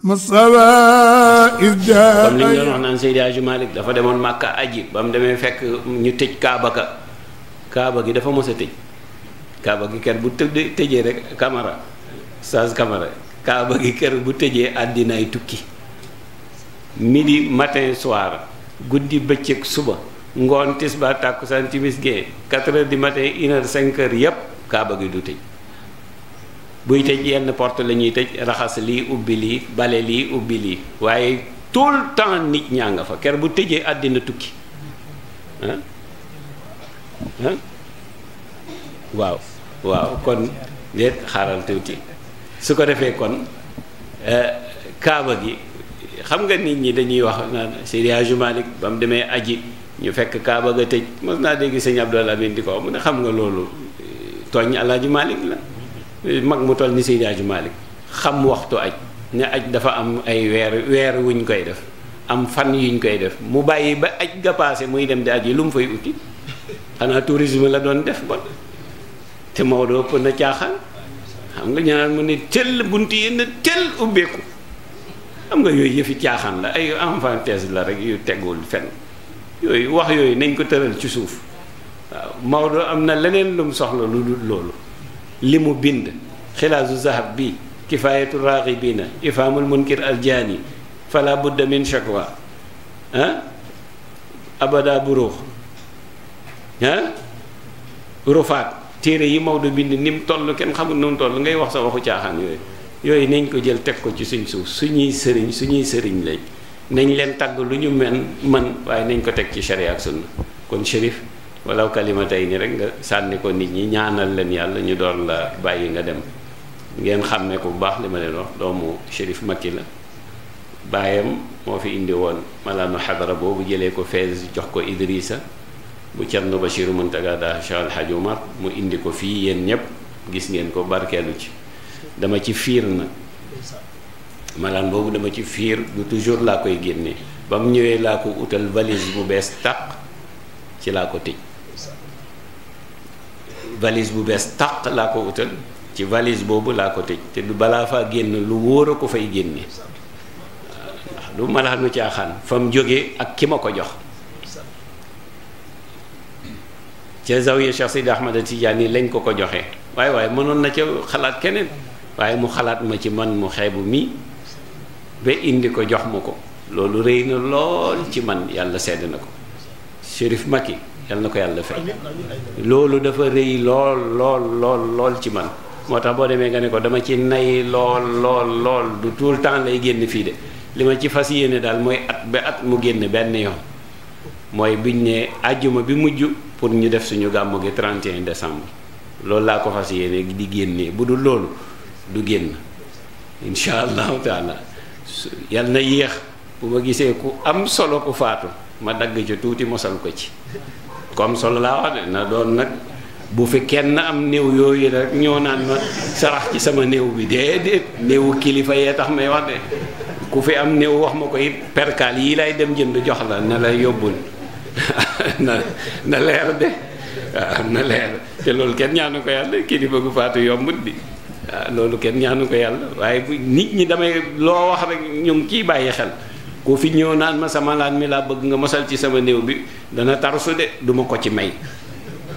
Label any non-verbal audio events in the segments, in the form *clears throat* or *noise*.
masawa isda comme li ñu dafa demoon Màkka aji ba mu demee fekk ñu tëj Kaaba ka Kaaba gi dafa mos tëj Kaaba gi kër bu tëj tëjee rek Camara Saz Camara Kaaba gi kër bu tëjee àddinaay tukki midi matin soir guddi bëccëg suba ngoon tisbaar tàkkusaan timis gee quatre heures du matin une heure cinq yépp Kaaba gi du tëj buy tëj yenn porte la ñuy tëj raxas lii ubbi lii bale lii ubbi lii waaye tout le temps nit ñaa nga fa ker bu tëjee àddina tukki ah ah waaw waaw kon déet xaaral tuuti su ko defee kon euh, kaaba gi xam nga nit ñi dañuy wax naan Seydi Hadji Malick ba mu demee aji ñu fekk kaaba ga tëj mos naa dégg sëñ Abdoul Amin di ko mu ne xam nga loolu euh, tooñ Alaaji Malick la mag mu toll ni Seydi Hadji xam waxtu aj ne aj dafa am ay weer weer wuñ koy def am fan yuñ koy def mu bàyyi ba aj ga paase muy dem di aj yi lu mu fay uti xanaa tourisme la doon def bon te Maodo ëpp na caaxaan xam nga ñu mu ne tëll bunt yi na tëll ubbeeku xam nga yooyu yëfi caaxaan la ay enfantaises la rek yu tegul fen yooyu wax yooyu nañ ko tëral ci suuf waaw Maodo am na leneen lu soxla lu dul loolu li mu bind xilaasu zahab bi kifaayatu raaxibiina ifaamul munkir aljaani fala budda min shakwa ah abada buruux ah rufaat téere yi Maodo bind ni mu toll kenn xamul nu mu toll ngay wax sa waxu caaxaan yooyu yooyu nañ ko jël teg ko ci suñ suuf suñuy sëriñ suñuy sëriñ lañ nañ leen tàgg lu ñu men man waaye nañ ko teg ci sharia ak sunna kon shérif walaw kalimatay ni rek nga sànni ko nit ñi ñaanal leen yàlla ñu door la bàyyi nga dem ngeen xam ne ko bu baax li ma ne wax doomu Chérif Makki la baayam moo fi indi woon malaanu xadara boobu jëlee ko Fès jox ko Idrissa bu Cerno Bachiru Muntaga daa Cheikh El Hadj Omar mu indi ko fii yéen ñépp gis ngeen ko barkeelu ci dama ci fiir na malaan boobu dama ci fiir du toujours laa koy génne ba mu ñëwee laa ko utal valise bu bees tàq ci laa ko tëj valise bu bees tàq laa ko utal ci valise boobu laa ko tëj te du balaa faa génn lu wóor a ko fay génne ndax du malax fa mu jógee ak ki ma ko jox ca zawiya Cheikh Sidi Ahmad Tijaani lañ ko ko joxe waaye waaye mënoon na ca xalaat keneen waaye mu xalaat ma ci man mu xeebu mi ba indi ko jox ma ko loolu rëy na lool ci man yàlla sedd na ko Chérif Maki yal na ko yàlla fay loolu dafa rëy lool lool lool lool ci man moo tax boo demee nga ne ko dama ci nay lool lool lool du tout le temps lay génn fii de li ma ci fas yéene daal mooy at ba at mu génn benn yoon mooy biñ ne àjjuma bi mujj pour ñu def suñu gàmmu gi 31 décembre loolu laa ko fas yéene di génnee bu dul loolu du génn incha allahu taala yal na yéex bu ma gisee ku am solo ku faatu ma dagg ci tuuti mosal ko ci ku solo laa wax na doon nag bu fi kenn am néew yooyu rek ñoo naan ma sarax ci sama néew bi déedéet néewu kilifa yee tax may wax de ku fi am néew wax ma ko it perkaal yii lay dem jënd jox la na la yóbbul *laughs* na na leer de waaw na leer te loolu kenn ñaanu ko yàlla kilifa gu faatu yombut bi waaw loolu kenn ñaanu ko yàlla waaye nit ñi damay loo wax rek ñu ngi bàyyi xel boo fi ñëw naan ma sa malaan mi laa bëgg nga mosal ci sama néew bi dana tarsu de du ma ko ci may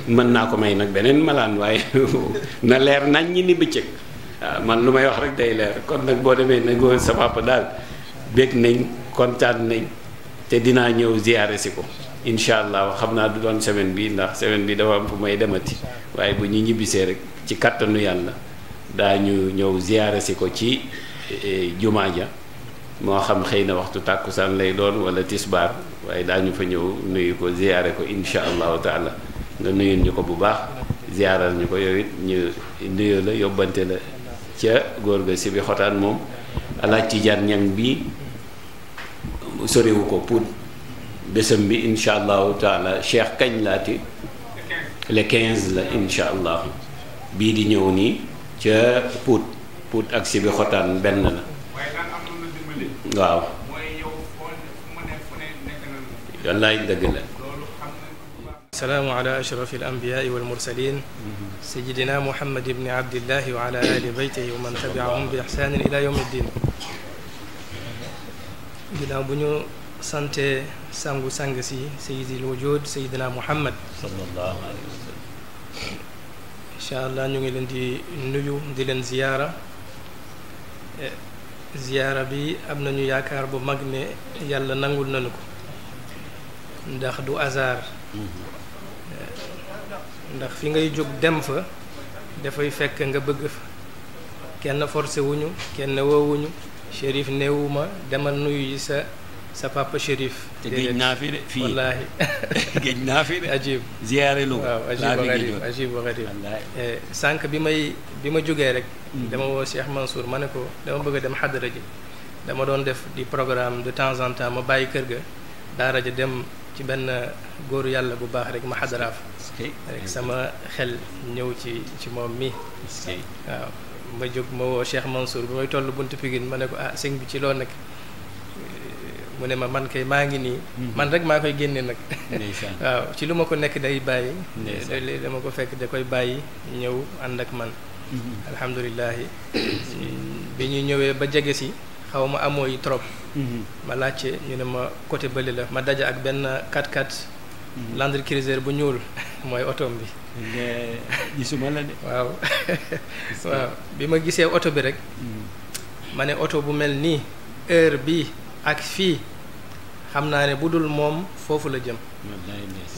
mën naa ko may nag beneen malaan waaye *laughs* na leer nañ ñi ni bëccëg ah, man lu may wax rek day leer kon nag boo demee nag sa papa daal bég nañ kontaan nañ te dinaa ñëw ziyaare si ko incha allah xam naa du doon semaine bi ndax semaine bi dafa am fu may demati waaye bu ñu ñibbisee rek ci kattanu yàlla daa ñu ñëw ziyaare si ko ci eh, jumaa ja moo xam xëy na waxtu tàkkusaan lay doon wala tisbaar waaye daañu fa ñëw nuyu ko ziyaare ko insha allahu taala nga nuyul ñu ko bu baax ziyaaral ñu ko yow it ñu nuyu la yóbbante la ca góor ga si bi xotaan moom alaaj ci jar ñang bi soriwu ko pour bésam bi insha allahu taala cheikh kañ laati le 15 la insha allah bii di ñëw nii ca puut puut ak si bi xotaan benn la waaw. wallaay dëgg la. salaamu ala ashraf al anbiyaai wal mursalin sayidina muhammad ibni abdillahi wa ala ali baytihi wa man tabiahum bi ixsaanin ila yawmi ddin ginnaaw bu ñu sante sangu sang si sayidil wujud sayidina muhammad sallallahu alayhi wa sallam incha allah ñu ngi leen di nuyu di leen ziyaara ziyaara bi am nañu yaakaar bu mag ne yàlla nangul nañu ko ndax du hasard mm-hmm. ndax fi ngay jóg dem fa dafay fekk nga bëgg fa kenn forcé wuñu kenn woowuñu shérif néewuma demal nuyu yi sa sa papa Chérif. te géej naa fi fii wallaahi géej *laughs* naa fi de. ajib ziyaare lu waaw ajib wa garib eh, sànq bi may bi ma jógee rek. Mm-hmm. dama woo Cheikh Mansour ma ne ko dama bëgg a dem xadara ji dama doon def di programme de temps en temps ma bàyyi kër ga daara ja dem ci benn góor yàlla bu baax rek ma xadaraaf. rek sama xel ñëw ci ci moom mi waaw ma jóg ma woo Cheikh Mansour bi may toll buntu Pikine ma ne ko ah sëñ bi ci loo nekk. mu ne ma man kay maa ngi nii. Mhm. man rek maa koy génne nag. *laughs* waaw ci lu ma ko nekk day bàyyi. da ma ko fekk da koy bàyyi ñëw ànd ak man. Mhm. alhamdulilah bi ñu ñëwee ba jege si xaw ma amoo yi trop. Mhm. ma laajte ñu ne ma côté bële la ma daja ak benn 4x4. Land bu ñuul *laughs* mooy otoom bi. *laughs* waaw bi ma gisee oto bi rek. ma ne oto bu mel nii heure bi ak fii xam naa ne bu dul moom foofu la jëm.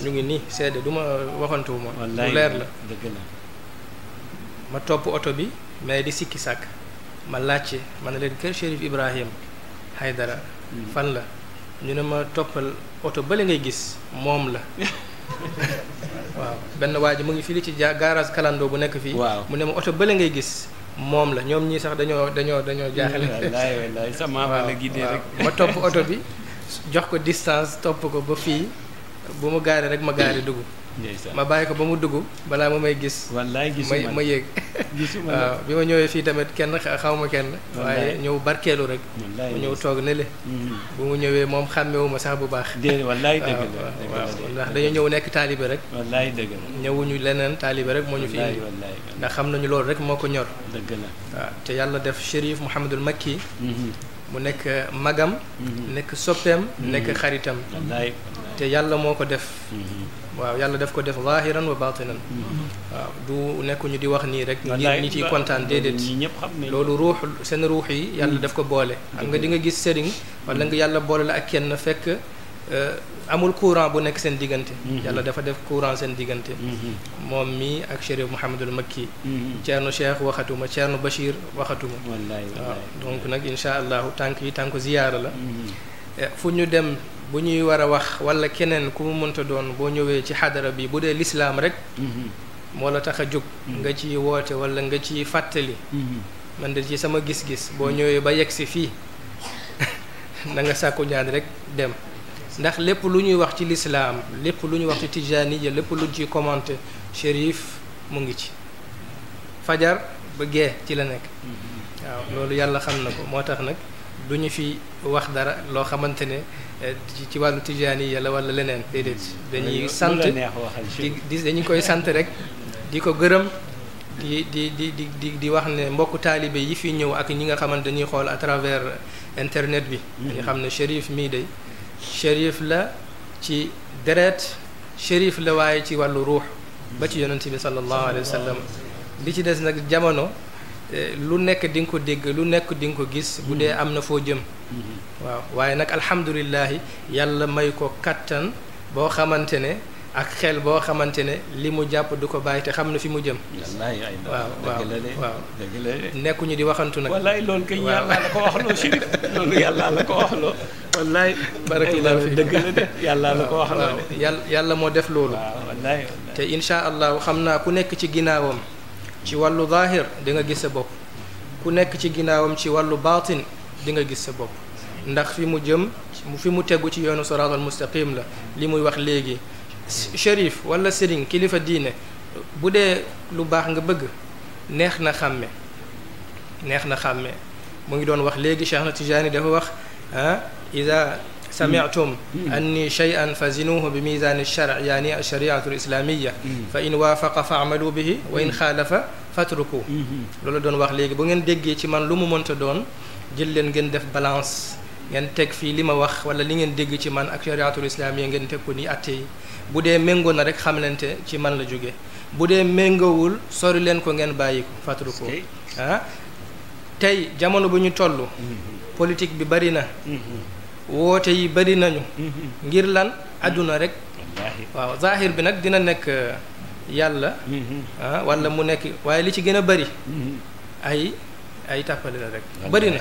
ñu ngi nii seede du ma waxantuwu ma. lu leer la ma topp oto bi mais di sikki sàkk ma laajte ma ne leen kër Chérif Ibrahim Haydara mm-hmm. fan la ñu ne ma toppal oto bële ngay gis moom la *laughs* waaw benn waa ji mu ngi fii ci ja garage bu nekk fii. mu ne ma oto bële ngay gis. moom la ñoom ñii sax dañoo dañoo dañoo jaaxle. wallaay wallaay ma topp oto bi. *laughs* jox ko distance topp ko ba fii bu mu gaaree rek ma gaaree dugg. ma bàyyi ko ba mu dugg balaa ma may gis. wallaay gisuma ma yéeg. *laughs* waaw bi ma ñëwee fii tamit kenn xaw ma kenn. waaye ñëw barkeelu rek. mu ñëw toog nële. Mm-hmm. bu mu ñëwee moom xàmmewu ma sax bu baax. *laughs* déedéet wallaay dëgg la waaw ndax dañoo ñëw nekk taalibe rek. wallaay dëgg la ñëwuñu leneen taalibe rek moo ñu fi indi. ndax xam nañu loolu rek moo ko ñor. la waaw te yàlla def Chérif Mouhamadul Makki. Mm-hmm. bu nekk magam mhm. nekk soppeem mhm. nekk xaritam te yàlla moo ko def mhm. waaw yàlla def ko def zahiran wa batinan waaw du nekk ñu di wax nii rek ngir ñi ciy kontaan déedéet loolu ruux seen ruux yi yàlla def ko boole xam nga di nga gis sëriñ wala nga yàlla boole la ak kenn fekk Euh, amul courant bu nekk seen diggante. yàlla dafa def courant seen diggante. Mhm. moom mii ak Chérif Mouhamadul Makki. Mhm. Thierno Cheikh waxatuma Thierno Bachir waxatuma. wallaay waaw donc nag incha allahu tànk yi tànku ziyaara la. Mhm. Eh, fu ñu dem bu ñuy war a wax wala keneen ku mu mënta doon boo ñëwee ci xadara bi bu dee lislaam rek. moo la tax a jóg. nga ci woote walla nga ci fàttali. man ci sama gis-gis boo ñëwee ba yegg si fii *laughs* na nga sàkku ñaan rek dem. ndax lépp lu ñuy wax ci lislaam lépp lu ñuy wax ci tijaaniya lépp lu ci commenté shérif mu ngi ci fajar bëggee ci la nekk waaw loolu yàlla xam na ko moo tax nag du ñu fi wax dara loo xamante ne eh, ci wàllu tijaaniya la wala leneen déedéet dañuy sant di dañu koy sant rek di ko gërëm di di di di di wax ne mbokku taalibe yi fi ñëw ak ñi nga xamante dañuy xool à travers internet bi mm-hmm. dañu xam ne shérif mii day shérif la ci deret shérif la waaye ci wàllu ruux ba ci yonent bi sallallahu alayhi wa sallam li ci des nag jamono eh, lu nekk di nga ko dégg lu nekk dinga ko gis bu dee am na foo jëm mm-hmm. waaw waaye nag alhamdulillahi yàlla may ko kàttan boo xamante ne ak xel boo xamante ne li mu jàpp du ko bàyyi te xam na fi mu jëm. waaw waaw waaw nekkuñu di waxantu nag. wallaay loolu kay yàlla la ko wax *laughs* loolu yàlla moo def loolu. wallaay te incha allahu xam naa ku nekk ci ginnaawam. ci wàllu zaahir di nga gis sa bopp ku nekk ci ginnaawam ci wàllu baatin di nga gis sa bopp ndax fi mu jëm fi mu tegu ci yoonu siraatal mustaqim la li muy wax léegi shérif wala sëriñ kilifa diine bu dee lu baax nga bëgg neex na xàmme neex na xàmme mu ngi doon wax léegi Cheikh na Tijaani dafa wax ah ida samiatum anni cheyan fa zinuhu bi misani lchar yaani alchariatu fa in waafaqa fa amalu bihi wa in xaalafa fatruku loolu doon wax léegi bu ngeen déggee ci man lu mu monta doon jël leen ngeen def balance ngeen teg fii li ma wax wala li ngeen dégg ci man ak chariatul islam yi ngeen teg ko nii atte bu dee méngoo na rek xamlante ci man la jóge bu dee méngoowul sori leen ko ngeen bàyyi ko fàttali ko ah tey jamono bu ñu toll mm-hmm. politique bi bari na mm-hmm. woote yi bari nañu mm-hmm. ngir lan àdduna rek waaw zahir bi nag dina nekk uh, yàlla ah wala mu nekk waaye li ci gën a bari ay ay tàppale la rek bëri na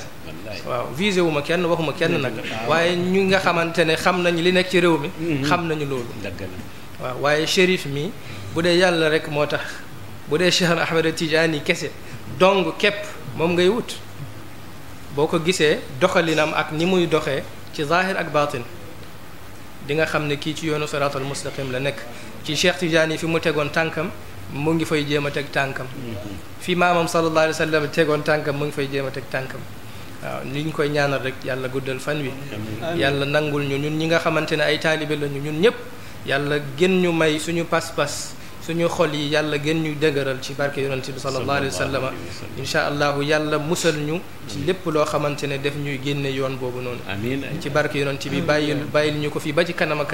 waaw visé wu ma kenn waxuma kenn nag waaye ñu nga xamante ne xam nañu li nekk ci réew mi mhm. xam nañu loolu waaw waaye shérif mi bu dee yàlla rek moo tax bu dee Cheikh Ahmed Tidiane kese dong képp moom ngay wut boo ko gisee doxalinam ak ni muy doxee ci zahir ak baatin di nga xam ne kii ci yoonu siraatal mustaqim la nekk ci Cheikh Tidiane fi mu tegoon tànkam mu ngi fay jéem a teg tànkam mm-hmm. fi maamam sallallahu alayhi wa sallam tegoon tànkam mu ngi fay jéem a teg tànkam waaw li ñu koy ñaanal rek yàlla guddal fan wi yàlla nangul ñu ñun ñi nga xamante ne ay taalibe lañu ñun ñëpp yàlla gën ñu may suñu pas-pas suñu xol yi yàlla gën ñu dëgëral ci barke yonent bi sallallahu alayhi wa sallam insha allahu yàlla musal ñu ci lépp loo xamante ne def ñuy génne yoon boobu noonu ci barke yonent bi bàyyil bàyyil ñu ko fii ba ci kanam a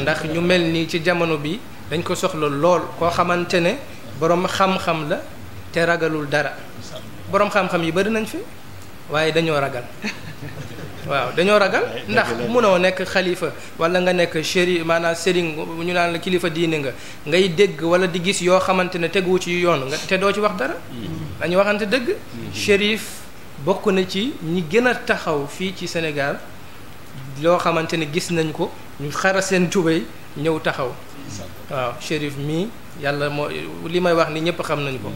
ndax ñu nii ci jamono bi dañ ko soxla lool koo xamante ne borom xam-xam la te ragalul dara borom xam-xam yi bari nañ fi waaye dañoo ragal *laughs* waaw dañoo ragal ndax munoo nekk xalifa wala nga nekk chéri maanaam sëriñ ñu naan la kilifa diine nga ngay dégg wala di gis yoo xamante ne teguwu ci yoon nga te doo ci wax dara mm. dañu waxante dëgg chérif mm. bokk na ci ñi gën a taxaw fii ci Sénégal loo xamante ne gis nañ ko ñu xara seen tubéy ñëw taxaw waaw shérif mii yàlla moo li may wax ni ñëpp xam nañ ko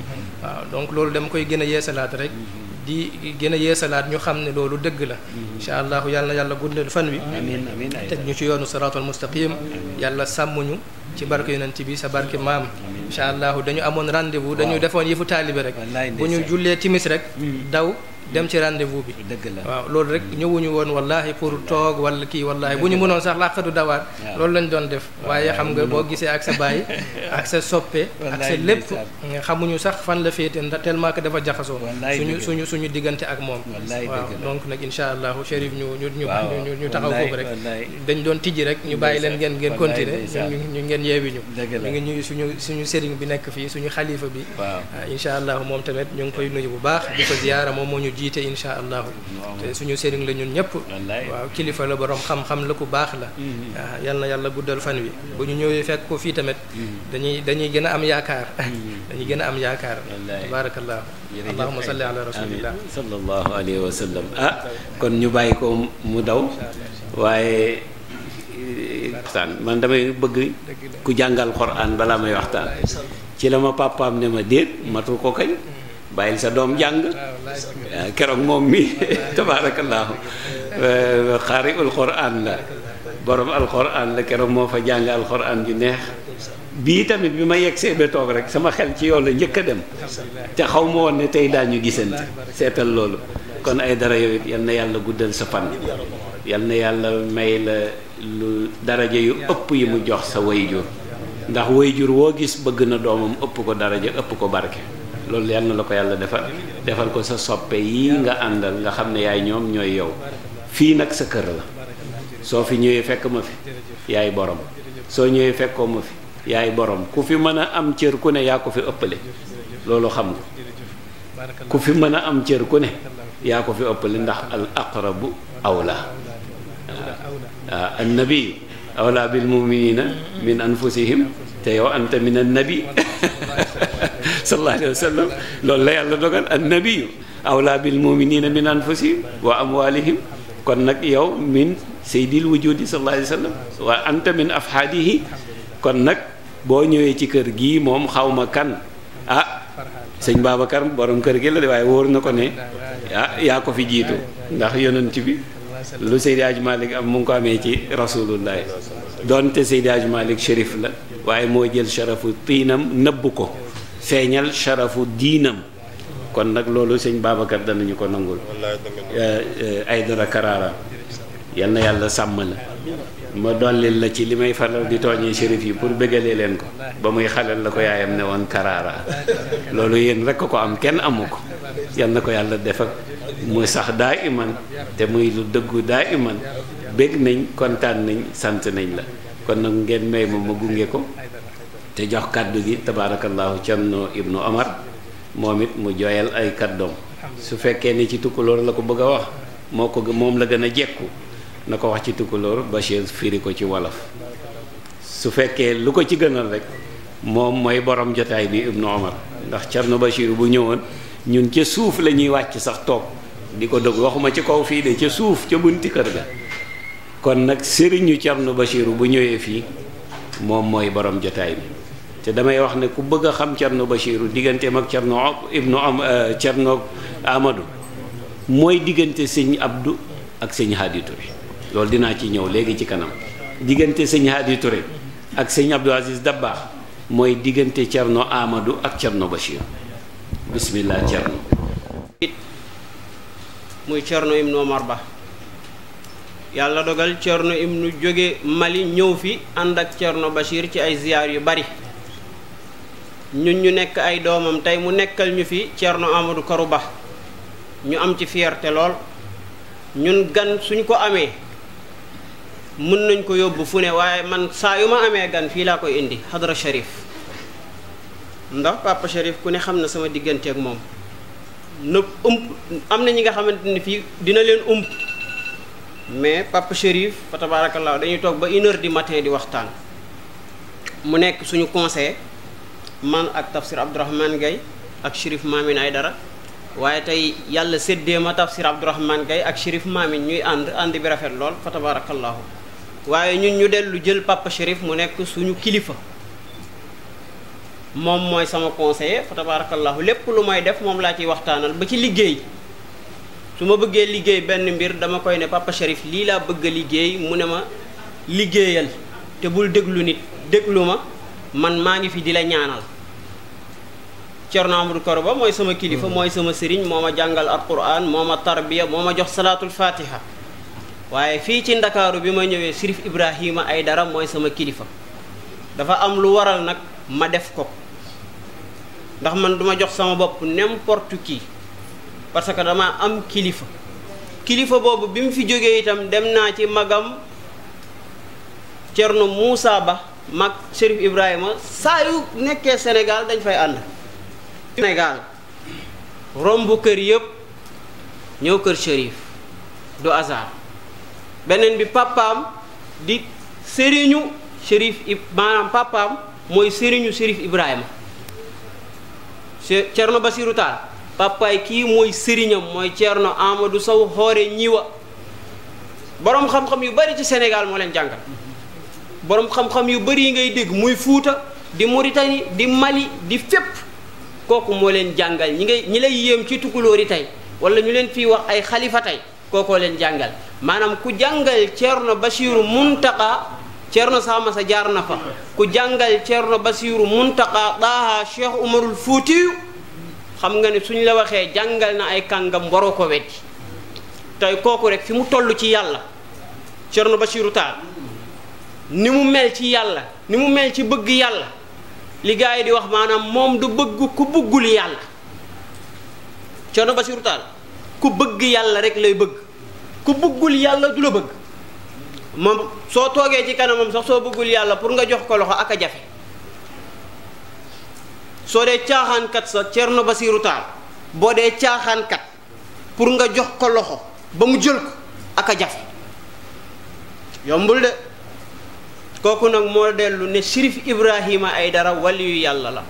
waaw donc loolu dama koy gën a yeesalaat rek di gën a yeesalaat ñu xam ne loolu dëgg la incha allahu yàlla na yàlla guddal fan wi teg ñu ci yoonu siraatal mustaqim yàlla sàmmuñu ci barke yonent bi sa barke maam incha allahu dañu amoon rendez-vous dañu defoon yëfu taalibe rek bu ñu jullee timis rek hmm. daw dem ci rendez-vous bi. dëgg la waaw loolu rek ñëwuñu woon wallahi pour toog wala kii wallahi bu ñu mënoon sax làqatu dawaat. loolu lañ doon def. waaye xam nga boo gisee ak sa baay. *laughs* ak sa soppe ak sa lépp. xamuñu sax fan la féete ndax tellement que dafa jaxasoo. suñu suñu suñu diggante ak moom. waaw donc nag incha allahu chérif ñu ñu ñu. ñu taxaw foofu rek. dañ doon tijji rek ñu bàyyi leen ngeen ngeen continuer ñu ngeen yeewi ñu. ñu ngi ñuy suñu suñu sëriñ bi nekk fii suñu xalifa bi. waaw ah, incha allah moom tamit ñu ngi koy jiite incha allahu te suñu sëriñ la ñun ñëpp waaw kilifa la borom xam-xam la ku baax la waaw mm-hmm. ah, yàlla guddal fan wi bu ñu ñëwee fekk ko fii tamit mm-hmm. dañuy dañuy gën a am yaakaar mm-hmm. *laughs* dañuy gën a am yaakaar tabarakallahu sa salli ala rasulillah sallallahu alayhi wa sallam ah kon ñu bàyyi ko mu daw waaye waxtaan man damay bëgg ku jàngal xoraan balaa may waxtaan ci la ma papaam ne ma déet matul ko kañ bàyyil sa doom jàng keroog moom mi *laughs* tabaarakallaahu xaari ul quraan la borom alquran la keroog moo fa jàng alquran ju neex bii tamit bi ma yegsee ba toog rek sama xel ci yoon la njëkk a dem te xaw ma woon ne tey daañu gisante seetal loolu kon ay dara yow yal na yàlla guddal sa fan yal na yàlla may la lu daraja yu ëpp yi mu jox sa wayjur ndax way jur woo gis bëgg na doomam ëpp ko daraja ëpp ko barke loolu yal na la ko yàlla defal defal ko sa soppe yi nga àndal nga xam ne yaay ñoom ñooy yow fii nag sa kër la soo fi ñëwee fekk ma fi yaay borom soo ñëwee fekkoo ma fi yaay boroom ku fi mën a am cër ku ne yaa ko fi ëppale loolu xam nga ku fi mën a am cër ku yaa ko fi ëppale ndax al aqrabu awla ah, an nabi awla bil muminina min anfusihim te yow anta min *laughs* sallallahu alayhi wa sallam loolu la yàlla dogal an nabiyu awla bil muminina min anfusihim wa amwalihim kon nag yow min saydil wujudi sallallahu alayhi wa sallam wa anta min afhaadihi kon nag boo ñëwee ci kër gi moom xawma kan ah sëñ Babacar borom kër gi la de waaye wóor na ko ne ah yaa ko fi jiitu ndax yonent bi lu Seydi Hadj Malick am mu ko amee ci rasulullahi donte Seydi Hadj Malick la waaye moo jël sharafu tiinam nëbb ko feeñal sharafu diinam kon nag loolu sëñ Babacar danañu ko nangul Aydara eh, eh, Karara yal na yàlla sàmm la ma dollil la ci li may faral di tooñee shérif yi pour bëggalee leen ko ba muy xalel la ko yaayam ne woon Karara loolu yéen rek ko am kenn amu ko yal na ko yàlla defak ak mu sax daa iman te muy lu dëggu daa iman bég nañ kontaan nañ sant nañ la kon nag ngeen may ma ma gunge ko te jox kàddu gi tabaarakallaahu Cerno Ibnu Omar moom it mu jooyal ay kàddoom su fekkee ni ci tukkulóor la ko bëgg a wax moo ko moom la gën a jekku na ko wax ci tukkulóor Bachir firi ko ci wolof su fekkee lu ko ci gënal rek moom mooy borom jotaay bi Ibnu Omar ndax Cerno Bachir bu ñëwoon ñun ca suuf la ñuy wàcc sax toog di ko dëgg waxuma ci kaw fii de ca suuf ca bunti kër ga kon nag sëriñu Cerno Bachir bu ñëwee fii moom mooy borom jotaay bi te damay wax ne ku bëgg a xam Thierno Bachirou digganteem ak Thierno Ibnu Am euh, Thierno mooy diggante sëñ Abdou ak sëñ Hadi Touré loolu dinaa ci ñëw léegi ci kanam diggante sëñ Hadi Touré ak sëñ Abdou Aziz Dabbaax mooy diggante Thierno Amadou ak Thierno Bachirou bismillah Thierno. muy Thierno Ibnu Omar Ba yàlla dogal Thierno Ibnu jóge Mali ñëw fi ànd ak Thierno Bachir ci ay ziyaar yu bari. ñun ñu nekk ay doomam tey mu nekkal ñu fi Thierno Amadou karu Ba ñu am ci fierté lool ñun gan suñ ko amee mën nañ ko yóbbu fu ne waaye man saa yu ma amee gan fii laa koy indi Hadra Cherif ndax Papa Cherif ku ne xam na sama diggante ak moom na ump am na ñi nga xamante ni fii dina leen ump mais Papa Cherif fa tabaarakallaa dañuy toog ba une di du matin di waxtaan mu nekk suñu conseil man ak tafsir Abdourahmane gay ak Chérif Mamine dara waaye tey yàlla séddee ma tafsir Abdourahmane Gaye ak Chérif Mamine ñuy ànd ànd bi rafet lool fa tabarakallahu waaye ñun ñu dellu jël papa Chérif mu nekk suñu kilifa moom mooy sama conseiller fa tabarakallahu lépp lu may def moom laa ciy waxtaanal ba ci liggéey su ma bëggee liggéey benn mbir dama koy ne papa Chérif lii laa bëgg liggéey mu ne ma liggéeyal te bul déglu nit déglu ma man maa ngi fi di la ñaanal Cerno Amadou Koro Ba mooy sama kilifa mm. mooy sama sëriñ moo ma jàngal alquran moo ma tarbiya moo ma jox salaatul fatiha waaye fii ci ndakaaru bi ma ñëwee Sirif Ibrahima ay dara mooy sama kilifa dafa am lu waral nag ma def ko ndax man duma jox sama bopp n'importe qui parce que dama am kilifa kilifa boobu bi mu fi jógee itam dem naa ci magam Cerno muusaa Ba mag Chérif Ibrahima saa yu nekkee Sénégal dañ fay ànd Sénégal rombu kër yëpp ñëw kër Chérif du hasard beneen bi papaam di sëriñu Chérif maanaam papaam mooy sëriñu Chérif Ibrahima Cerno Basiru Taal papaay kii mooy sëriñam mooy Cerno du saw xoore ñiwa boroom xam-xam yu bari ci Sénégal moo leen jàngal borom xam-xam yu bari ngay dégg muy Fuuta di Mauritanie di Mali di fépp kooku moo leen jàngal ñi ngay ñi lay yéem ci tukulóor yi tey wala ñu leen fii wax ay xalifa tey kookoo leen jàngal maanaam ku jàngal Ceerno Basiiru Muntaqa Ceerno Saama sa jaar na fa ku jàngal Ceerno Basiiru Muntaqa Daaha Cheikh Umarul Fuutiyu xam nga ne suñ la waxee jàngal na ay kàngam waroo ko weddi tey kooku rek fi mu toll ci yàlla Ceerno Basiiru Taal ni mu mel ci yàlla ni mu mel ci bëgg yàlla li yi di wax maanaam moom du bëgg ku bëggul yàlla Thierno Bassirou Tall ku bëgg yàlla rek lay bëgg ku bëggul yàlla du la bëgg moom soo toogee ci kanamam sax soo bëggul yàlla pour nga jox ko loxo ak a jafe soo dee caaxaankat sa Thierno Bassirou Tall boo dee caaxaankat pour nga jox ko loxo ba mu jël ko ak a jafe yombul de. kooku nag moo dellu ne Chérif Ibrahima Aidara yu yàlla la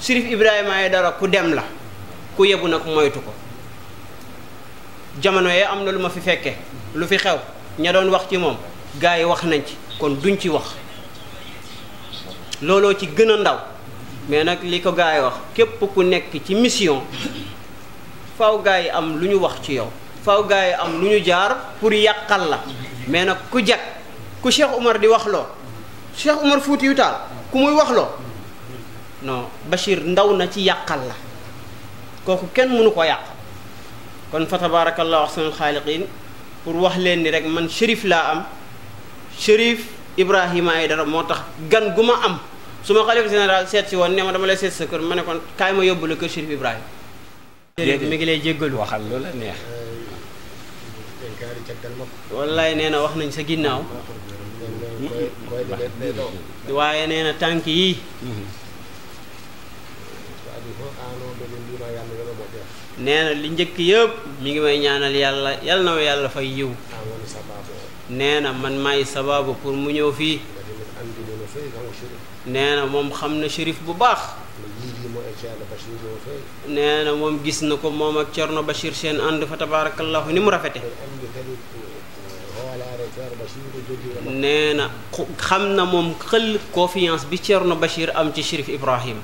Chérif Ibrahima dara ku dem la ku yebu nag moytu ko jamono yee am na lu ma fi fekke lu fi xew ña doon wax ci moom gars yi wax nañ ci kon duñ ci wax looloo ci gën a ndaw mais nag li ko gars yi wax képp ku nekk ci mission faw gars yi am lu ñu wax ci yow faw gars yi am lu ñu jaar pour yàqal la mais nag ku jag ku Cheikh Umar di wax loo Cheikh Umar Fuuti yu taal ku muy wax loo no Bachir ndaw na ci yàqal la kooku kenn mënu koo yàq kon fa tabarakallahu ahsanul xaaliqin pour wax leen ni rek man shérif laa am shérif Ibrahima ay dara moo tax gan gu ma am su ma xalifa général seet si woon ne ma dama lay seet sa kër ma ne kon kaay ma yóbbu la kër shérif Ibrahima. mi ngi lay jéggalu waxal la neex. wallaay nee na wax nañ sa ginnaaw waaye nee tànk yi nee na li njëkk yëpp mu ngi may ñaanal yàlla yàlla na yàlla fay yiw nee na man maay sababu pour mu ñëw fii nee moom xam na shérif bu baax nee na moom gis na ko moom ak Thierno Bachir seen ànd fa tabaarakallahu ni mu rafete euh, nee na xam na moom xel confiance bi Thierno Bachir am ci Chérif Ibrahim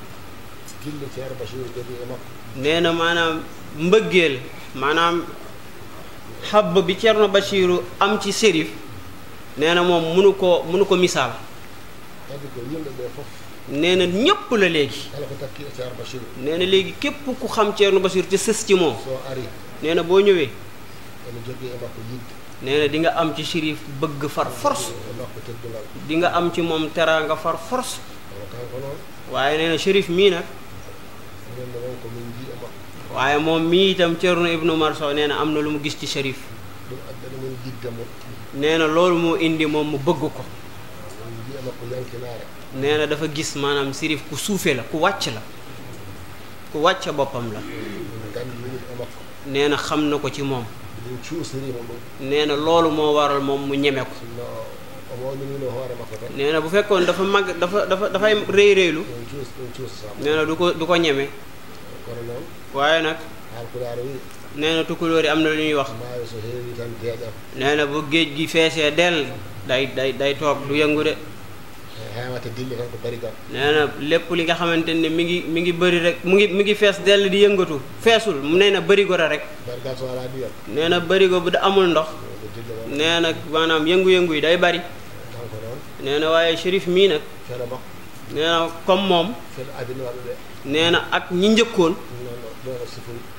nee na maanaam mbëggeel maanaam xabb bi Thierno Bachiru am ci Chérif nee na moom munu ko munu ko misaal nee na ñëpp la léegi. nee na léegi képp ku xam Thierno Bachir te sës ci moom. nee na boo ñëwee. nee na di nga am ci shérif bëgg far force. di nga am ci moom teraanga far force. waaye nee na shérif mii nag. waaye moom mii itam Thierno Ibnu Marso nee na am na lu mu gis ci shérif. nee na loolu moo indi moom mu bëgg ko. nee na dafa gis maanaam sirif ku suufee la ku wàcc la ku wàcc boppam la nee na xam na ko ci moom nee na loolu moo waral moom mu ñeme ko nee na bu fekkoon dafa mag dafa dafa dafay réy réylu nee du ko du ko ñeme waaye nag nee na tukulóor yi am na lu ñuy wax nee na bu géej gi feesee dell day day day toog lu yëngu de nee na lépp li nga xamante ni mi ngi mi ngi bëri rek mu ngi mi ngi fees dell di yëngatu feesul nee na bërigo rek nee na bërigo bu da amul ndox nee na maanaam yëngu-yëngu yi day bari nee na waaye shérif mii nag nee comme moom nee na ak ñi njëkkoon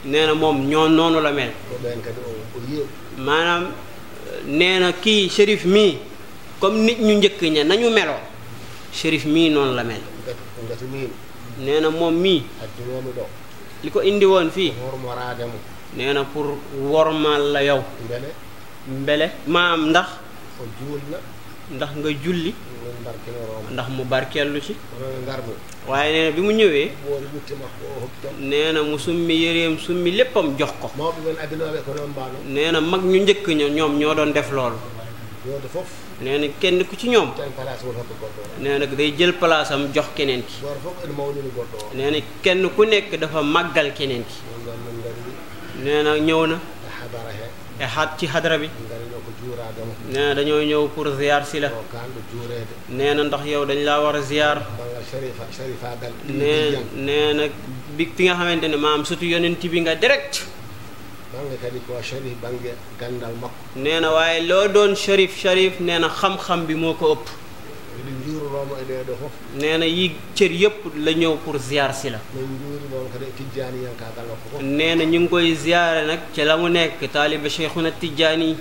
nee na moom ñoo noonu la mel maanaam nee na kii shérif mii comme nit ñu njëkk ña nañu meloon shérif mii noonu la mel nee na moom mii li ko indi woon fii nee na pour wormaal la yow mbele maam ndax ndax nga julli ndax mu barkeelu ci waaye nee bi mu ñëwee nee na mu summi yëreem summi léppam jox ko nee na mag ñu njëkk ñoom ñoo doon def loolu nee na kenn ku ci ñoom nee na day jël place am jox keneen ki nee na kenn ku nekk dafa màggal keneen ki nee na ñëw na e xaat ci xadara bi nee na dañoo ñëw pour ziyaar si la nee na ndax yow dañ laa war a ziyaar nee nee na bi ki nga xamante ne maam surtout yonent bi nga direct banga kadi ko sharif bange gandal makko nee na waaye loo doon sharif sharif nee na xam bi moo ko ëpp nee na yi cër yëpp la ñëw pour ziar si la. nee na ñu ngi koy ziare nag ci la mu nekk taaliba Cheikhuna Tijaani.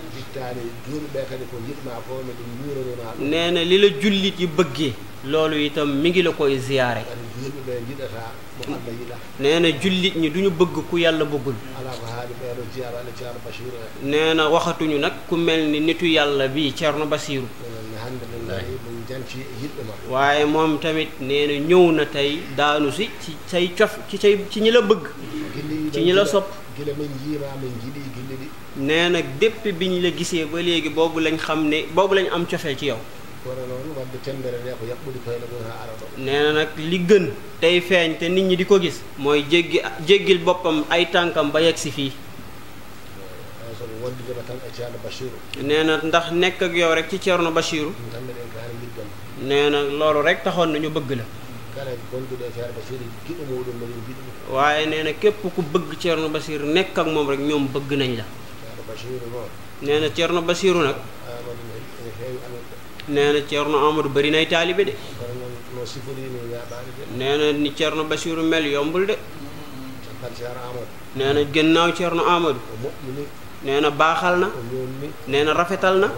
nee na li la jullit yi bëggee. loolu itam mi ngi la koy ziare. nee na jullit ñi duñu bëgg ku yàlla bëggul. nee na waxatuñu nag ku mel ni nitu yàlla bi Thierno Basiru. waaye moom tamit nee na ñëw na tey daanu si ci say cof ci say ci ñi la bëgg. ci ñi la sopp nee na dépp bi ñu la gisee ba léegi boobu lañ xam ne boobu lañ am cofee ci yow. nee na nag li gën tey feeñ te nit ñi di ko gis mooy jéggi jéggil boppam ay tànkam ba yegg si fii nee na ndax nekk ak yow rek ci Ceerno Bachiru nee na loolu rek taxoon nañu bëgg la waaye neena na képp ku bëgg nu Basiir nekk ak moom rek ñoom bëgg nañ la nee na Ceerno Basiiru nag ah, nee na Ceerno Amadou bari nay taalibe de nee na ni Ceerno Basiiru mel yombul de nee na gannaaw Ceerno Amadou nee na baaxal na nee na rafetal na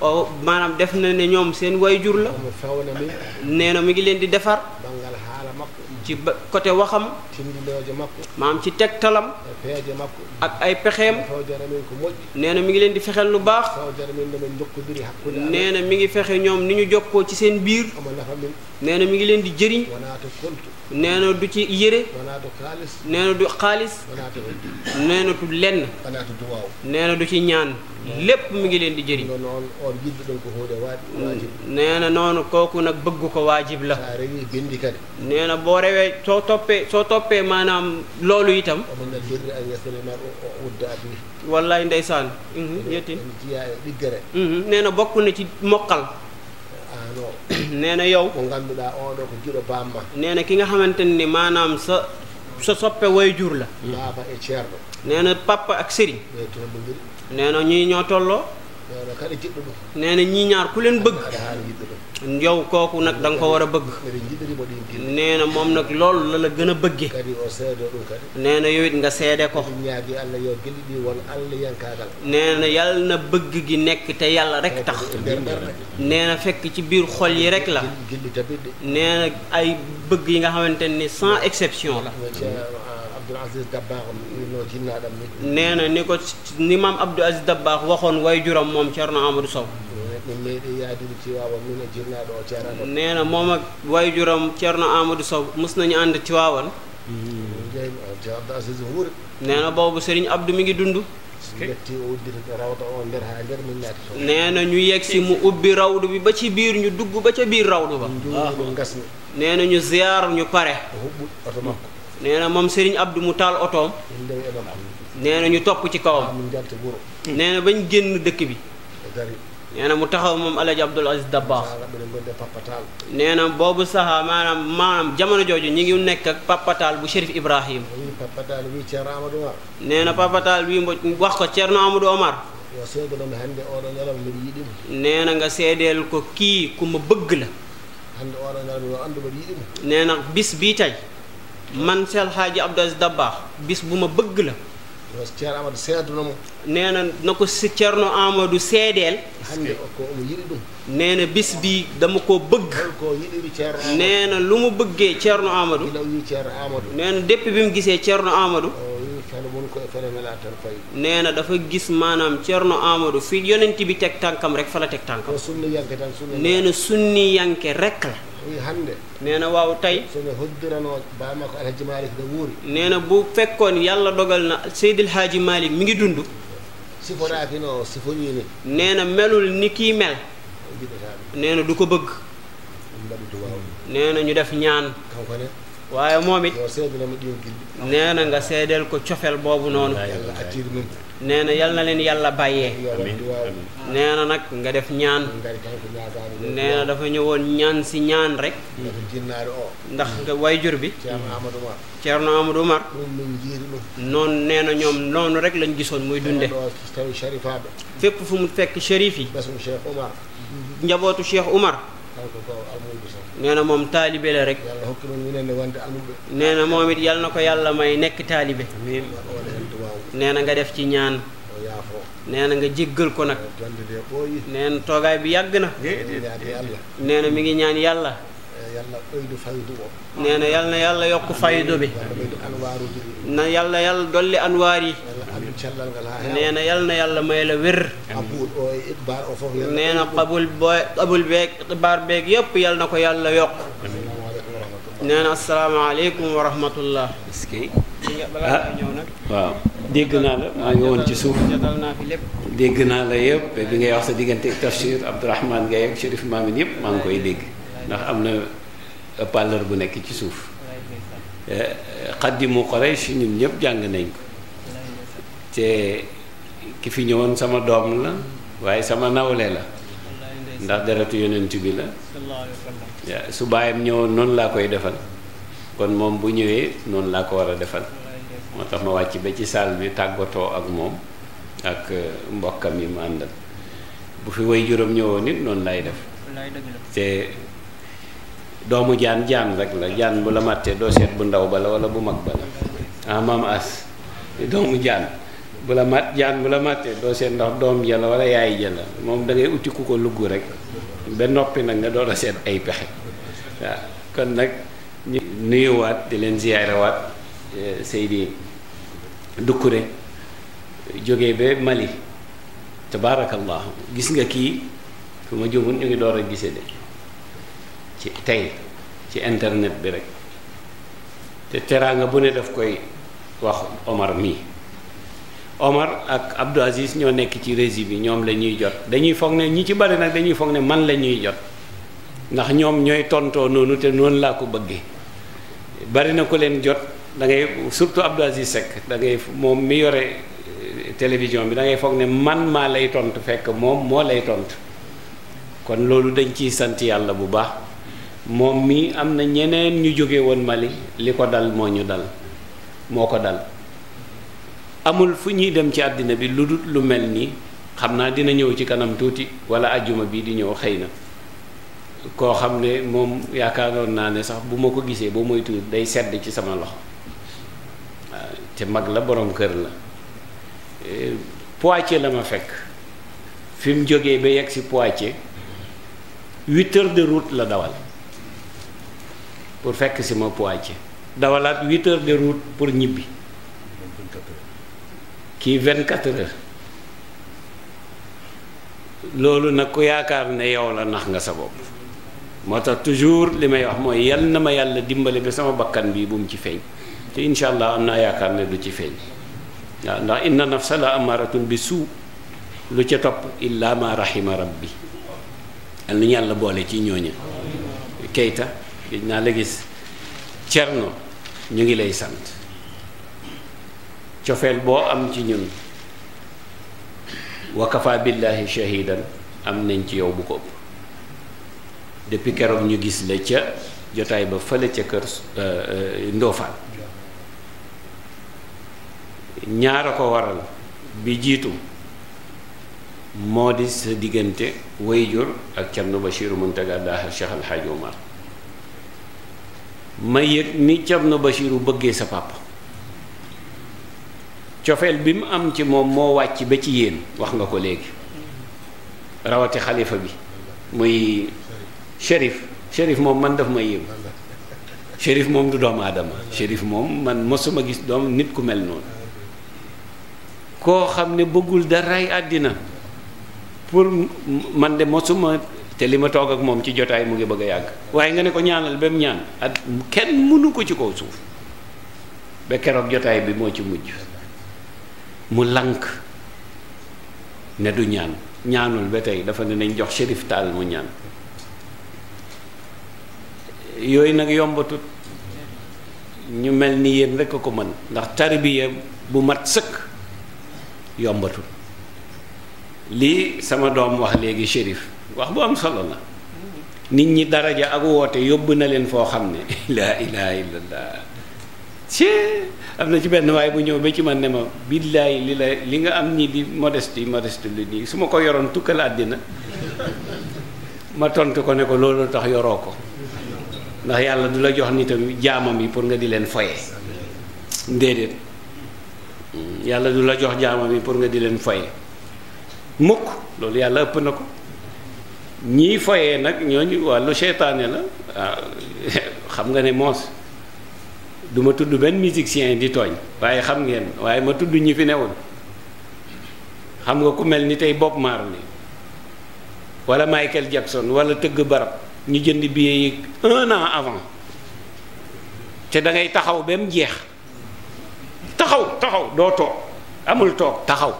o oh, maanaam def na ne ñoom seen wayjur la nee na mu ngi leen di defar ci ba côté waxam maam ci tegtalam ak ay pexeem nee na mi ngi leen di fexeel lu baax nee na mi ngi fexe ñoom ni ñu jokkoo ci seen biir nee na mi ngi leen di jëriñ nee na du ci yére. nee du xaalis. nee na du lenn. nee na du ci ñaan. lépp mu ngi leen di jëriñ. Mm, nee na noonu kooku nag bëgg ko waajib la. nee na boo rewee soo toppee soo toppee maanaam loolu itam. wallaay ndeysaan. Mhm, yetti mhm, nee na bokk na ci mokkal. *clears throat* nee na yow ko ngannduɗaa ko giɗo bamma nee na ki nga xamante ni maanaam sa so soppe way jur la baaba e nee na papa ak sëriñ nee na ñuy ñoo tolloo nee na ñii ñaar ku leen bëgg yow kooku nag da nga ko war a bëgg nee na moom nag loolu la la gën a bëgge nee na yow nga seede ko nee na yàlla na bëgg gi nekk te yàlla rek tax nee na fekk ci biir xol yi rek la nee na ay bëgg yi nga xamante ni sans exception la Abdoul Aziz Dabakh nee na ni ko ni maam Abdoul Aziz Dabakh waxoon way juram moom Thierno Amadou Sow. nee na moom ak way juram Thierno Amadou Sow mës nañu ànd ci waawan. nee na boobu Serigne Abdou mi ngi dund. nee na ñu yegg si mu ubbi rawdu bi ba ci biir ñu dugg ba ca biir rawdu ba. nee na ñu ziyaar ñu pare. nee na moom Serigne Abdou mu taal otoom. nee na ñu topp ci kawam. nee na bañ génn dëkk bi. nee na mu taxaw moom El Hadj Abdoul Aziz Dabakh. nee na boobu sax maanaam maanaam jamono jooju ñi ngi nekk ak papataal bu Cherif Ibrahim. nee na papataal wi wax ko Thierno Amadou Omar. nee na nga seedeel ko kii ku ma bëgg la. nee na bis bii tey. man Seex Xaaji Abdou Aziz Dabakh bis bu ma bëgg la. nee na na ko si Cerno Amadou seedeel. nee na bis bi dama ko bëgg. nee na lu mu bëggee Cerno Amadou. nee na depuis bi mu gisee Cerno Amadou. nee na dafa gis maanaam Cerno Amadou fi yonent bi teg tànkam rek fa la teg tànkam. nee na sunni yanke rek la. i hannde nee na waaw tey sono hoddiranoo baama nee na bu fekkoon yàlla dogal na seydil haaji malik mi ngi dund sifonaaki no nee na melul ni kii mel nee na du ko bëgg nee ñu def ñaan waaye moom it nee na nga seedeel ko cofeel boobu noonu nee na yal na leen yàlla bàyyee nee na nag nga def ñaan nee dafa ñëwoon ñaan si ñaan rek ndax way jur bi Ceerno Amadou Umar noonu nee na ñoom noonu rek lañ gisoon muy dunde fépp fu mu fekk shérif yi njabootu Cheikh Umar nee na moom taalibe la rek nee na moom it yal na ko yàlla may nekk taalibe nee na nga def ci ñaan nee na nga jigal ko nag nee na toogaay bi yàgg na nee na mi ngi ñaan yàlla eh, nee na na yàlla yokk faydu bi na yàlla yàlla dolli anwaar yi nee na yal na yàlla may la wér. nee na xabul booy xabul beeg xibaar beeg yépp yal na ko yàlla yokk. nee na asalaamaaleykum wa rahmatullah. est-ce que ah waaw dégg naa la maa ngi woon ci suuf dégg naa la yëpp bi ngay wax sa diggante tafsir Abdourahmane Gaye ak Chérif Mamin yëpp maa ngi koy dégg ndax am na pàllar bu nekk ci suuf eh, eh, xaddimu Quraysh ñun ñëpp jàng nañ te ki fi ñëwoon sama doom la waaye sama nawle la ndax deretu yonent bi la su baayam ñëwoon noonu laa koy defal kon moom bu ñëwee noonu laa ko war a defal moo tax ma wàcc ba ci saal bi tàggatoo ak moom ak uh, mbokkam yi mu àndal bu fi way juróom ñëwoon nit noonu lay def te doomu jaan jaan rek la jaan bu la màttee doo seet bu ndaw ba la wala bu mag ba la ah as doomu jaan bu la mat jaan bu la màttee doo seet ndax doom jëla wala yaay jëla moom dangay ngay uti ku ko luggu rek ba noppi nag nga door a seet ay pexe waaw kon nag ñu nuyuwaat di leen ziyaarawaat eh, Seydi Doucouré jóge ba Mali tabaarakallahu gis nga kii fu ma jumut ñu ngi door a gise de ci tey ci internet bi rek te teraanga bu ne daf koy wax Omar mii Omar ak Abdou Aziz ñoo nekk ci régie bi ñoom la ñuy jot dañuy foog ne ñi ci bari nag dañuy foog ne man la ñuy jot ndax ñoom ñooy tontoo noonu te noonu laa ko bëggee bari na ko leen jot da ngay surtout Abdou Aziz Seck da ngay moom mi yore euh, télévision bi da ngay foog ne man maa lay tontu fekk moom moo lay tontu kon loolu dañ ciy sant yàlla bu baax moom mii am na ñeneen ñu jóge woon Mali li ko dal moo ñu dal moo ko dal. amul fu ñuy dem ci àddina bi lu dul lu mel ni xam naa dina ñëw ci kanam tuuti wala ajjuma bii di ñëw xëy na koo xam ne moom yaakaaroon naa ne sax bu ma ko gisee boo moy tuuti day sedd ci sama loxo te mag la borom kër la e, Poitiers la ma fekk fi mu jógee ba yegg si Poitiers huit heures de route la dawal pour fekk si ma Poitiers dawalaat huit heures de route pour ñibbi kii 24 heures loolu nag ku yaakaar ne yow la nax nga sa bopp moo tax toujours li may wax mooy yal na ma yàlla dimbale bi sama bakkan bi bu mu ci feeñ te incha allah am naa yaakaar ne du ci feeñ waaw ndax inna nafsa la amaratun bi suu lu ca topp illa ma rahima rabbi al nu yàlla boole ci ñooñu kayta gis naa la gis Cerno ñu ngi lay sant cofeel boo am ci ñun wakafa billahi shahidan am nañ ci yow bu ko keroog ñu gis la ca jotaay ba fële ca kër euh, euh, Ndofaan ñaar a ko waral bi jiitu moo di sa diggante wayjur ak Thierno Bachir Mountaga Daha Cheikh Al Hadj Omar ma yëg ni Thierno Bachir bëggee sa pàpp cofeel bi mu am ci moom moo wàcc ba ci yéen wax nga ko léegi rawati xalifa bi muy shérif shérif moom man daf ma yéem shérif moom du doomu aadama shérif moom man mosuma gis doom nit ku mel noonu koo xam ne bëggul daraay àddina pour man de mosuma te li ma toog ak moom ci jotaay mu ngi bëgg a yàgg waaye nga ne ko ñaanal ba mu ñaan at kenn mënu ko ci kaw suuf ba keroog jotaay bi moo ci mujj mu lank ne du ñaan ñaanul ba tey dafa ne nañ jox Chérif Tall mu ñaan yooyu nag yombatut ñu mel ni yéen rekk a ko mën ndax tarbiya bu mat sëkk yombatut lii sama doom wax léegi Chérif wax bu am solo la nit ñi daraja ak woote yóbbu na leen foo xam ne *laughs* laa ilaha illallah ci am na ci benn waaye bu ñëw ba ci man ne ma billaay li la li nga am nii di modeste modeste lu nii su ma ko yoroon tukkal àddina ma tontu ko ne ko loolu tax yoroo ko ndax yàlla du la jox nitam jaamam yi pour nga di leen foye déedéet yàlla du la jox jaamam yi pour nga di leen foye mukk loolu yàlla ëpp na ko ñii foye nag ñooñu wàllu seytaane la waaw ah, *laughs* xam nga ne moos du ma tudd benn musicien di tooñ waaye xam ngeen waaye ma tudd ñi fi newoon xam nga ku mel ni tey Bob Marley wala Michael Jackson wala tëgg barab ñu jënd billet yi un an avant te da ngay taxaw ba jeex taxaw taxaw doo toog amul toog taxaw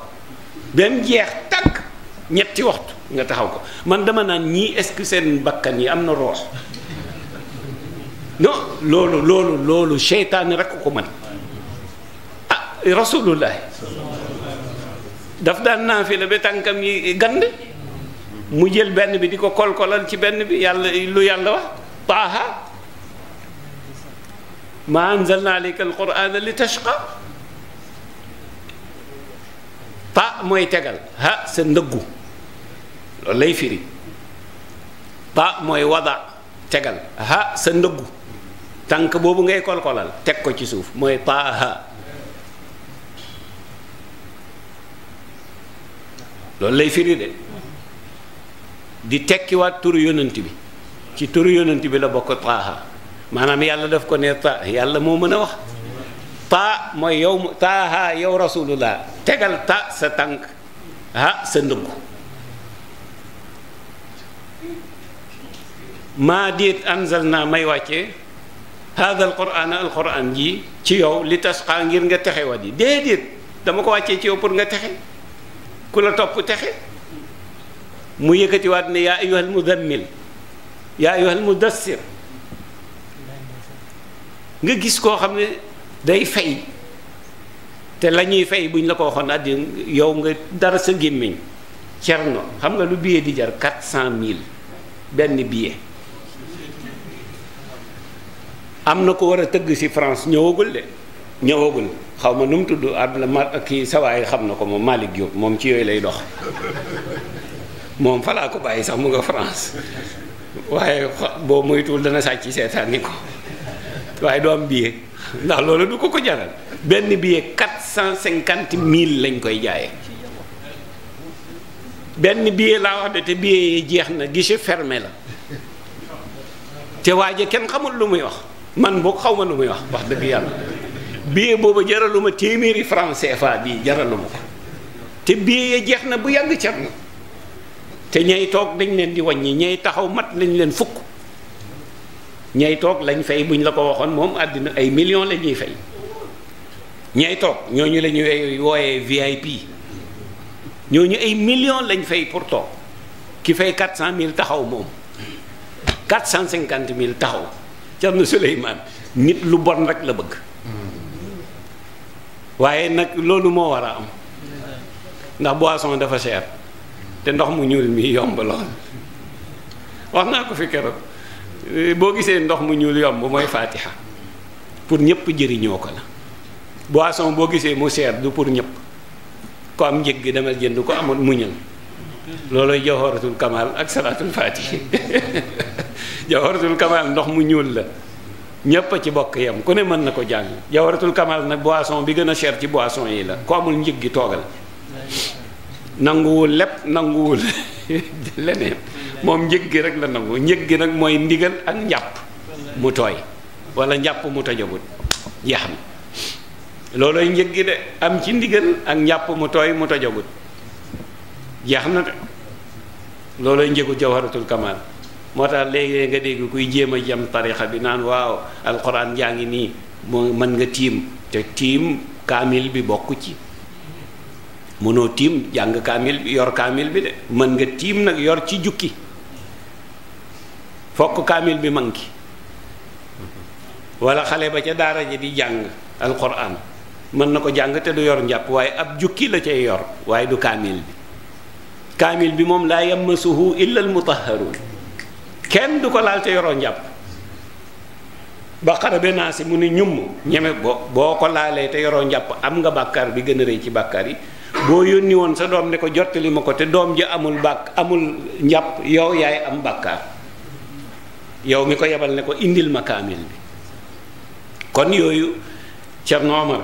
ba jeex takk ñetti waxtu nga taxaw ko man dama naan ñii est-ce seen bakkan yi am na roos non loolu loolu loolu seytaane rekk ko mën ah rasulullahi daf daan naafila ba tànkam yi gand mu jël benn bi di ko kolkolal ci benn bi yàlla lu yàlla wax taaha ma anzalna alayka alqur'ana li tashqa pa mooy tegal ha sa ndëggu loolu lay firi pa mooy wada tegal ha sa ndëggu tànk boobu ngay kolkolal teg ko ci suuf mooy taaha loolu lay firi de di tekkiwaat turu yonent bi ci turu yonent bi la bokk taaha maanaam yàlla def ko ne ta yàlla moo mën a wax taa mooy yow mu taaha yow rasulullah tegal ta sa tànk ha sa ndëggu maa diit anzal naa may wàcce hada alquran alquran ji ci yow li tasqaa ngir nga texe wa yi déedéet dama ko wàccee ci yow pour nga texe ku la topp texe mu yëkkatiwaat ne yaa ayyuhal mudammil yaa mu mudassir nga gis koo xam ne day fay te la ñuy fay buñ la ko waxoon addi yow nga dara sa gémmiñ cerno xam nga lu billet di jar quatre cent mille benn billet am na ko war a tëgg si France ñëwagul de ñëwagul xaw ma nu mu tudd Abla ma kii sawaay xam na ko moom Malick Diop moom ci yooyu lay dox moom falaa ko bàyyi sax mu nga France waaye boo moytuwul dana sàcc seetaan ni ko waaye doo am billet ndax loolu du ko ko jaral benn billet quatre cent cinquante mille lañ koy jaayee benn billet laa wax de te billet yi jeex na guichet fermé la te waaje kenn xamul lu muy wax man boog xaw ma lu muy wax wax dëgg yàlla billet booba jaraluma téeméeri franc CFA bii jaraluma ko te billet ya jeex na bu yàgg car na te ñay toog dañ leen di wàññi ñay taxaw mat lañ leen fukk ñay toog lañ fay buñ la ko waxoon moom àddina ay millions la ñuy fay ñay toog ñooñu la ñuy wooyee VIP ñooñu ay millions lañ fay pour toog ki fay 400000 taxaw moom 450000 taxaw. Cerno Suleymaan nit lu bon rek la bëgg waaye nag loolu moo war a am ndax boisson dafa cher te ndox mu ñuul mi yomb lool wax naa ko fi keroog eh, boo gisee ndox mu ñuul yomb mooy faatiha pour ñëpp jëriñoo ko la boisson boo gisee mu cher du pour ñëpp ko am njëg gi demal jënd ko amoon muñal looloy jawharatul kamal ak salaatul faatiha *laughs* jawharatul kamal ndox mu ñuul la ñépp a ci bokk yam ku ne mën na ko jàng jawharatul kamal nag boisson bi gën a cher ci boisson yi la ku amul njëg gi toogal nanguwul lépp nanguwul *laughs* leneen moom njëg gi rek la nangu njëg gi nag mooy ndigal ak njàpp mu tooy wala njàpp mu tojabut jeex na loolooy njëg de am ci ndigal ak njàpp mu mu tojagut jeex na de loolooy njëgu jawharatul kamal moo tax léegi nga dégg kuy jéem a jam tarixa bi naan waaw alxuraan jaa ngi nii moo mën nga tiim te tiim kaamil bi bokk ci mënoo tiim jàng kaamil bi yor kaamil bi de mën nga tiim nag yor ci jukki fokk kaamil bi manki wala xale ba ca daara ji di jàng alxuraan mën na ko jàng te du yor njàpp waaye ab jukki la cay yor waaye du kaamil bi kaamil bi moom laa yamasuhu illa almutahharun kenn du ko laal te yoroo njàpp ba xara be naa si mu ne ñum ñeme bo boo ko laalee te yoroo njàpp am nga bàkkaar bi gën a rëy ci bàkkaar yi boo yónni woon sa doom ne ko jottali ma ko te doom ji amul bàkk amul njàpp yow yaay am bàkkaar yow mi ko yebal ne ko indil ma kaamil bi kon yooyu Cerno Omar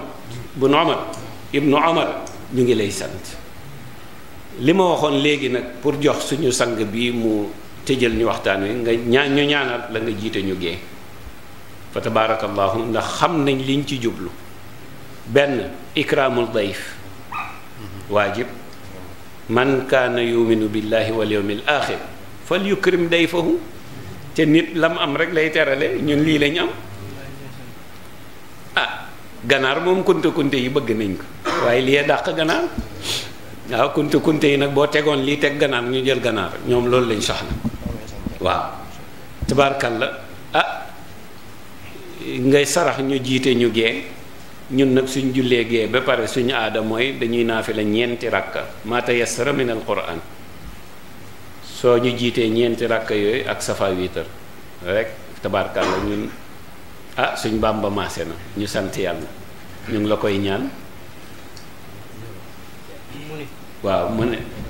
bu Omar ibnu Omar ñu ngi lay sant li ma waxoon léegi nag pour jox suñu sang bi mu te jël ñu waxtaan wi nga ñaan ñu ñaanal la nga jiite ñu gee fa tabarakallahu ndax xam nañ liñ ci jublu benn ikraamul dayf waajib man kaana yuminu billahi wal yawmil axir fal yukrim dayfahu te nit lam am rek lay terale ñun lii lañ am ah ganaar moom kunte kunte yi bëgg nañ ko waaye lii dàq ganaar waaw kunte kunte yi nag boo tegoon lii teg ganaar ñu jël ganaar ñoom loolu lañ soxla waaw tabaarkalla ah ngay sarax ñu jiite ñu gee ñun nag suñ jullee gee ba pare suñu aada mooy dañuy naafi la ñeenti rakka maa tayassara min al quran soo ñu jiitee ñeenti rakka yooyu ak safa rekk rek tabaarkalla ñun ah suñ bàmba maase na ñu sant yàlla ñu ngi la koy ñaan waaw mu ne